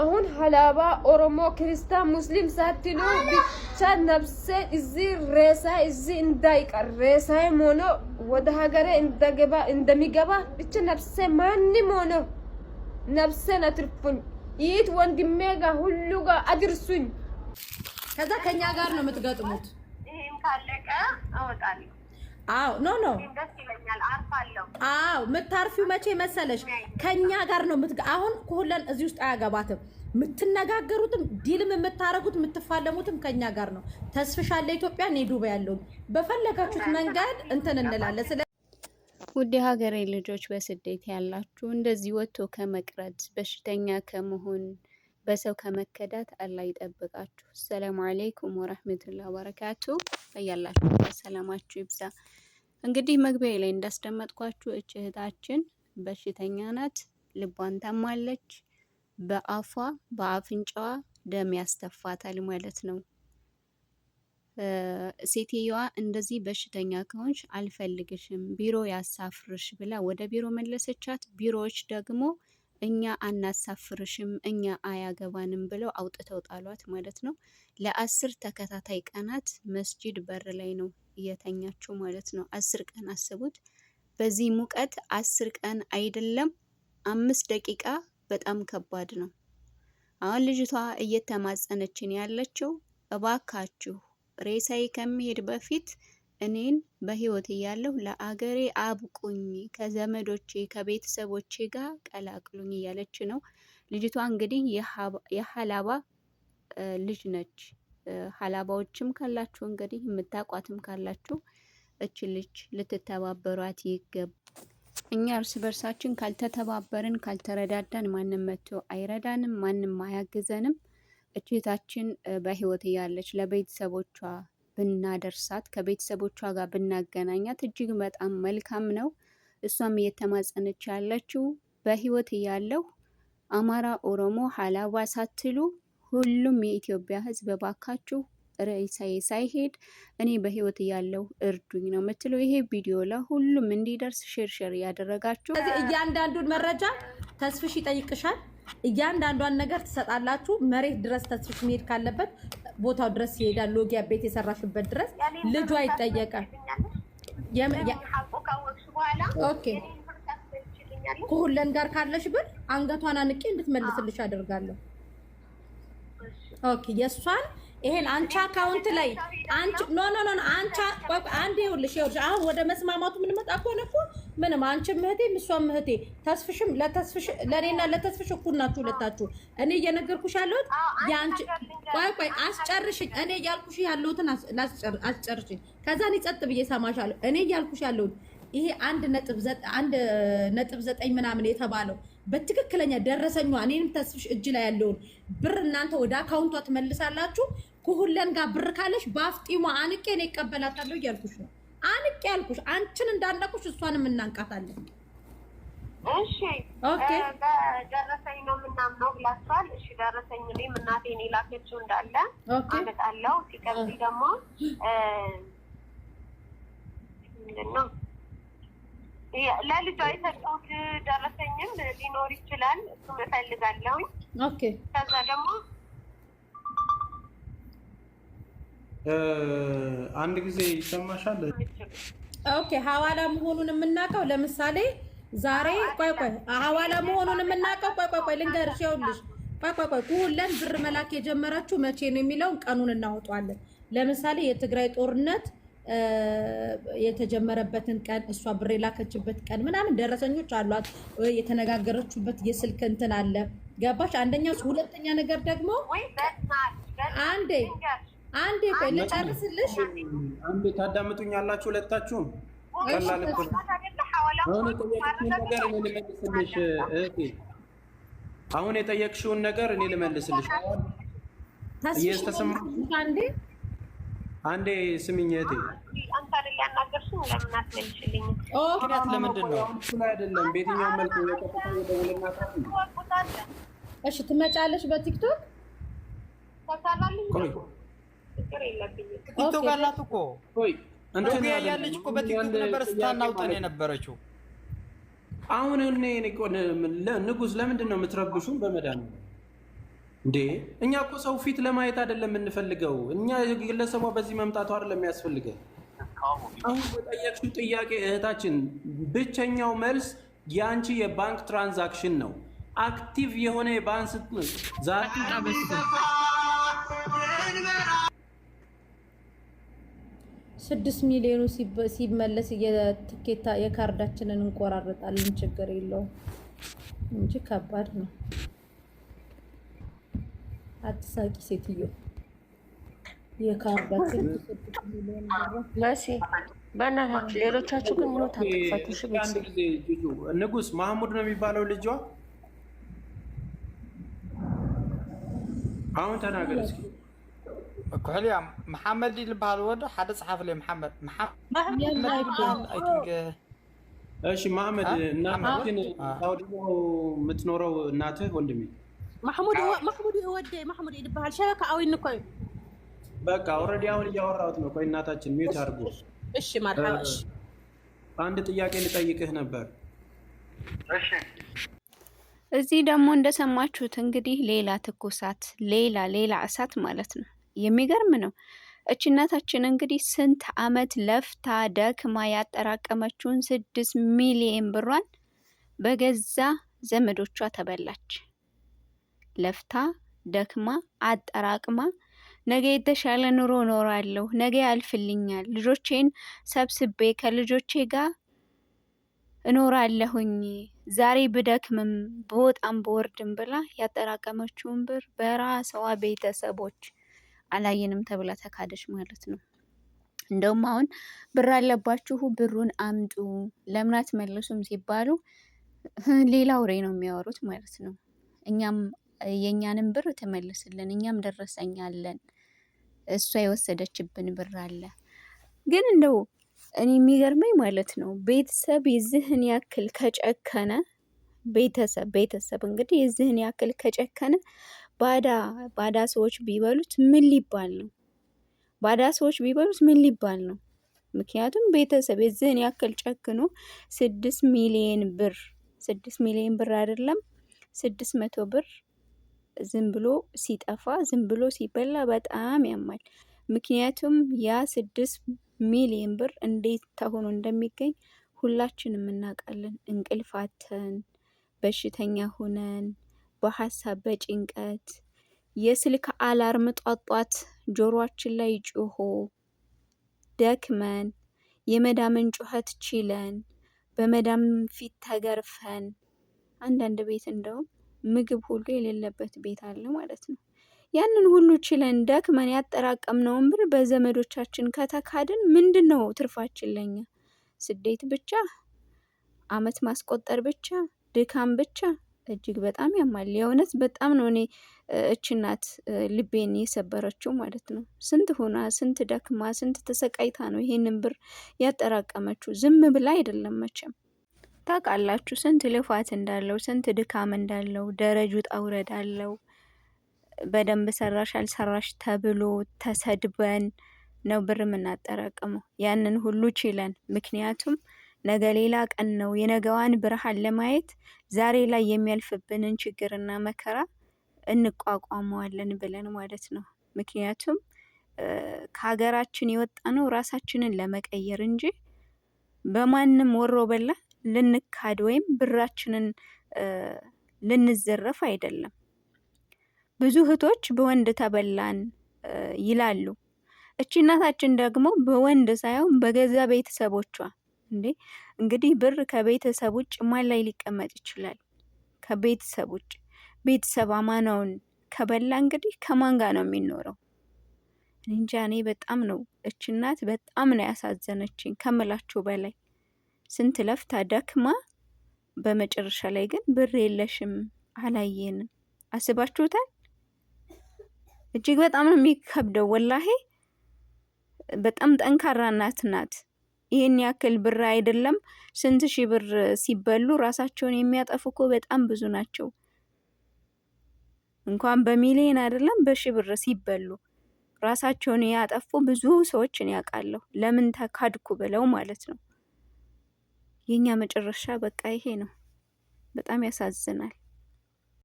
አሁን ሀላባ ኦሮሞ ክርስቲያን ሙስሊም ሳትሉ ብቻ ነፍሴ እዚ ሬሳ እዚህ እንዳይቀር ሬሳዬ ሆኖ ወደ ሀገሬ እንደሚገባ ብቻ ነፍሴ ማንም ሆኖ ነፍሴን አትርፉኝ። ይህት ወንድሜ ጋ ሁሉ ጋር አድርሱኝ። ከዛ ከኛ ጋር ነው የምትገጥሙት። ይህም ካለቀ አወጣለሁ። አዎ ኖ ኖ አዎ የምታርፊው መቼ መሰለሽ ከኛ ጋር ነው ምት አሁን ሁለን እዚህ ውስጥ አያገባትም። የምትነጋገሩትም ዲልም የምታረጉት የምትፋለሙትም ከኛ ጋር ነው። ተስፍሻለ ኢትዮጵያ እኔ ዱባይ ያለው በፈለጋችሁት መንገድ እንትን እንላለን። ስለ ውድ ሀገሬ ልጆች በስደት ያላችሁ እንደዚህ ወጥቶ ከመቅረት በሽተኛ ከመሆን በሰው ከመከዳት አላህ ይጠብቃችሁ። ሰላሙ አለይኩም ወራህመቱላሂ ወበረካቱ። እያላችሁ ሰላማችሁ ይብዛ። እንግዲህ መግቢያ ላይ እንዳስደመጥኳችሁ እች እህታችን በሽተኛ ናት። ልቧን ታማለች። በአፏ በአፍንጫዋ ደም ያስተፋታል ማለት ነው። ሴትየዋ እንደዚህ በሽተኛ ከሆንሽ አልፈልግሽም፣ ቢሮ ያሳፍርሽ ብላ ወደ ቢሮ መለሰቻት። ቢሮዎች ደግሞ እኛ አናሳፍርሽም፣ እኛ አያገባንም ብለው አውጥተው ጣሏት ማለት ነው። ለአስር ተከታታይ ቀናት መስጂድ በር ላይ ነው እየተኛችው ማለት ነው። አስር ቀን አስቡት። በዚህ ሙቀት አስር ቀን አይደለም አምስት ደቂቃ በጣም ከባድ ነው። አሁን ልጅቷ እየተማጸነችን ያለችው እባካችሁ ሬሳዬ ከሚሄድ በፊት እኔን በህይወት እያለሁ ለአገሬ አብቁኝ፣ ከዘመዶቼ ከቤተሰቦቼ ጋር ቀላቅሉኝ እያለች ነው። ልጅቷ እንግዲህ የሀላባ ልጅ ነች። ሀላባዎችም ካላችሁ እንግዲህ የምታውቋትም ካላችሁ እች ልጅ ልትተባበሯት ይገባ። እኛ እርስ በርሳችን ካልተተባበርን ካልተረዳዳን ማንም መጥቶ አይረዳንም፣ ማንም አያግዘንም። እችታችን በህይወት እያለች ለቤተሰቦቿ ብናደርሳት ከቤተሰቦቿ ጋር ብናገናኛት እጅግ በጣም መልካም ነው። እሷም እየተማጸነች ያለችው በህይወት እያለሁ አማራ፣ ኦሮሞ፣ ሀላባ ሳትሉ ሁሉም የኢትዮጵያ ህዝብ ባካችሁ ርዕሳዬ ሳይሄድ እኔ በህይወት እያለሁ እርዱኝ ነው የምትለው። ይሄ ቪዲዮ ለሁሉም እንዲደርስ ሼር ሼር እያደረጋችሁ እያንዳንዱን መረጃ ተስፍሽ ይጠይቅሻል። እያንዳንዷን ነገር ትሰጣላችሁ። መሬት ድረስ ተስፍሽ መሄድ ካለበት ቦታው ድረስ ይሄዳል። ሎጊያ ቤት የሰራሽበት ድረስ ልጇ ይጠየቃል። ኦኬ ከሁለን ጋር ካለሽ ብር አንገቷን አንቄ እንድትመልስልሽ አደርጋለሁ። ኦኬ የእሷን ይሄን አንቺ አካውንት ላይ አንቺ ኖ ኖ ኖ አንቺ አንዴ ይኸውልሽ፣ ይኸውልሽ አሁን ወደ መስማማቱ የምንመጣ ከሆነ እኮ ምንም አንቺም እህቴም እሷም እህቴ ተስፍሽም ለተስፍሽ ለእኔና ለተስፍሽ እኩል ናችሁ ሁለታችሁ። እኔ እየነገርኩሽ ያለሁት የአንቺ ቆይ ቆይ አስጨርሽኝ። እኔ እያልኩሽ ያለሁትን አስጨርሽኝ። ከዛ እኔ ጸጥ ብዬ እሰማሻለሁ። እኔ እያልኩሽ ያለሁት ይሄ አንድ ነጥብ ዘጠኝ ምናምን የተባለው በትክክለኛ ደረሰኛ እኔንም ተስፍሽ እጅ ላይ ያለውን ብር እናንተ ወደ አካውንቷ ትመልሳላችሁ። ከሁለን ጋር ብር ካለሽ በአፍጢሟ አንቄ እኔ እቀበላታለሁ እያልኩሽ ነው። አንቄ ያልኩሽ አንቺን እንዳነቁሽ እሷንም እናንቃታለን። እሺ በደረሰኝ ነው የምናምነው ብላችኋል። እሺ ደረሰኝ እኔም እናቴን ላከችው እንዳለ አመጣለው። ሲቀጥል ደግሞ ምንድነው ነው ለልጇ የሰጠሁት ደረሰኝም ሊኖር ይችላል። እሱም እፈልጋለሁኝ። ከዛ ደግሞ አንድ ጊዜ ይሰማሻል። ኦኬ ሀዋላ መሆኑን የምናውቀው ለምሳሌ ዛሬ ቆይ ቆይ መሆኑን የምናውቀው ቆይ ቆይ ቆይ ልንገርሽ፣ ይኸውልሽ ቆይ ቆይ ቆይ ሁለን ብር መላክ የጀመራችሁ መቼ ነው የሚለውን ቀኑን እናወጣዋለን። ለምሳሌ የትግራይ ጦርነት የተጀመረበትን ቀን እሷ ብር የላከችበት ቀን ምናምን ደረሰኞች አሏት። የተነጋገረችበት የስልክ እንትን አለ። ገባሽ? አንደኛ ሁለተኛ ነገር ደግሞ አንዴ አንዴ ቆይ ልጨርስልሽ። አንዴ ታዳምጡኝ ያላችሁ ሁለታችሁም ቀላል እኮ አሁን የጠየቅሽውን ነገር እኔ ልመልስልሽ። እየተሰማ አንዴ ስሚኝ እህቴ፣ ምክንያት ለምንድን ነው አይደለም? በየትኛው መልኩ እሺ፣ ትመጫለሽ በቲክቶክ ቲክቶክ አላት እኮ እንትን ያለች እኮ በቲክቶክ ነበር ስታናውጠን የነበረችው። አሁን ንጉስ ለምንድን ነው የምትረብሹን? በመዳን እንዴ እኛ እኮ ሰው ፊት ለማየት አይደለም የምንፈልገው። እኛ ግለሰቧ በዚህ መምጣቱ አይደለም የሚያስፈልገን። አሁን በጠየቅሽው ጥያቄ እህታችን ብቸኛው መልስ የአንቺ የባንክ ትራንዛክሽን ነው። አክቲቭ የሆነ የባንክ ዛሬ ስድስት ሚሊዮኑ ሲመለስ የትኬታ የካርዳችንን እንቆራረጣለን። ችግር የለውም እንጂ ከባድ ነው። አትሳቂ ሴትዮ። ሌሎቻችሁ ግን ንጉስ ማህሙድ ነው የሚባለው ልጇ። አሁን ተናገር እስኪ ኩሕልያ እያ መሓመድ ዝበሃል ወዶ ሓደ ፀሓፍ ለይ መሓመድ እሺ መሐመድ እናትን ሳውዲ የምትኖረው እናትህ ወንድሜ ማሙድ ማሕሙድ ወደይ ማሕሙድ ዝበሃል ሸበካ ኣዊን እኮ በቃ ኦልሬዲ አሁን እያወራሁት ነው። ቆይ እናታችን ሚዩት አድርጎ። እሺ መርሓባ። እሺ አንድ ጥያቄ ልጠይቅህ ነበር። እሺ እዚህ ደግሞ እንደሰማችሁት እንግዲህ ሌላ ትኩሳት፣ ሌላ ሌላ እሳት ማለት ነው። የሚገርም ነው። እች እናታችን እንግዲህ ስንት አመት ለፍታ ደክማ ያጠራቀመችውን ስድስት ሚሊየን ብሯን በገዛ ዘመዶቿ ተበላች። ለፍታ ደክማ አጠራቅማ ነገ የተሻለ ኑሮ እኖራለሁ፣ ነገ ያልፍልኛል፣ ልጆቼን ሰብስቤ ከልጆቼ ጋር እኖራለሁኝ፣ ዛሬ ብደክምም ብወጣም ብወርድም ብላ ያጠራቀመችውን ብር በራስዋ ቤተሰቦች አላየንም ተብላ ተካደች ማለት ነው። እንደውም አሁን ብር አለባችሁ ብሩን አምጡ ለምን አትመልሱም ሲባሉ ሌላ አውሬ ነው የሚያወሩት ማለት ነው። እኛም የእኛንም ብር ትመልስልን እኛም ደረሰኛ አለን እሷ የወሰደችብን ብር አለ። ግን እንደው እኔ የሚገርመኝ ማለት ነው ቤተሰብ የዚህን ያክል ከጨከነ ቤተሰብ ቤተሰብ እንግዲህ የዚህን ያክል ከጨከነ ባዳ ባዳ ሰዎች ቢበሉት ምን ሊባል ነው? ባዳ ሰዎች ቢበሉት ምን ሊባል ነው? ምክንያቱም ቤተሰብ የዚህን ያክል ጨክኖ ስድስት ሚሊየን ብር ስድስት ሚሊየን ብር አይደለም ስድስት መቶ ብር ዝም ብሎ ሲጠፋ ዝም ብሎ ሲበላ በጣም ያማል። ምክንያቱም ያ ስድስት ሚሊየን ብር እንዴት ተሆኖ እንደሚገኝ ሁላችንም እናውቃለን። እንቅልፋተን በሽተኛ ሆነን በሀሳብ በጭንቀት የስልክ አላርም ጧጧት ጆሮአችን ላይ ጮሆ ደክመን የመዳምን ጩኸት ችለን በመዳም ፊት ተገርፈን አንዳንድ ቤት እንደውም ምግብ ሁሉ የሌለበት ቤት አለ ማለት ነው። ያንን ሁሉ ችለን ደክመን ያጠራቀምነውን ብር በዘመዶቻችን ከተካድን ምንድን ነው ትርፋችን ለኛ? ስደት ብቻ፣ አመት ማስቆጠር ብቻ፣ ድካም ብቻ እጅግ በጣም ያማል። የእውነት በጣም ነው እኔ እች እናት ልቤን የሰበረችው ማለት ነው። ስንት ሆና ስንት ደክማ ስንት ተሰቃይታ ነው ይሄንን ብር ያጠራቀመችው። ዝም ብላ አይደለም መቼም ታውቃላችሁ፣ ስንት ልፋት እንዳለው ስንት ድካም እንዳለው ደረጁ ጣውረድ አለው። በደንብ ሰራሽ አልሰራሽ ተብሎ ተሰድበን ነው ብር የምናጠራቅመው ያንን ሁሉ ችለን ምክንያቱም ነገ ሌላ ቀን ነው። የነገዋን ብርሃን ለማየት ዛሬ ላይ የሚያልፍብንን ችግርና መከራ እንቋቋመዋለን ብለን ማለት ነው። ምክንያቱም ከሀገራችን የወጣ ነው ራሳችንን ለመቀየር እንጂ በማንም ወሮ በላ ልንካድ ወይም ብራችንን ልንዘረፍ አይደለም። ብዙ እህቶች በወንድ ተበላን ይላሉ። እቺ እናታችን ደግሞ በወንድ ሳይሆን በገዛ ቤተሰቦቿ እንዴ እንግዲህ ብር ከቤተሰብ ውጭ ማን ላይ ሊቀመጥ ይችላል? ከቤተሰብ ውጭ። ቤተሰብ አማናውን ከበላ እንግዲህ ከማን ጋር ነው የሚኖረው? እንጃ። እኔ በጣም ነው እች እናት በጣም ነው ያሳዘነችኝ ከምላችሁ በላይ። ስንት ለፍታ ደክማ፣ በመጨረሻ ላይ ግን ብር የለሽም አላየንም። አስባችሁታል? እጅግ በጣም ነው የሚከብደው ወላሄ። በጣም ጠንካራ እናት ናት። ይህን ያክል ብር አይደለም ስንት ሺህ ብር ሲበሉ ራሳቸውን የሚያጠፉ እኮ በጣም ብዙ ናቸው። እንኳን በሚሊዮን አይደለም በሺህ ብር ሲበሉ ራሳቸውን ያጠፉ ብዙ ሰዎችን ያውቃለሁ። ለምን ተካድኩ ብለው ማለት ነው። የኛ መጨረሻ በቃ ይሄ ነው። በጣም ያሳዝናል።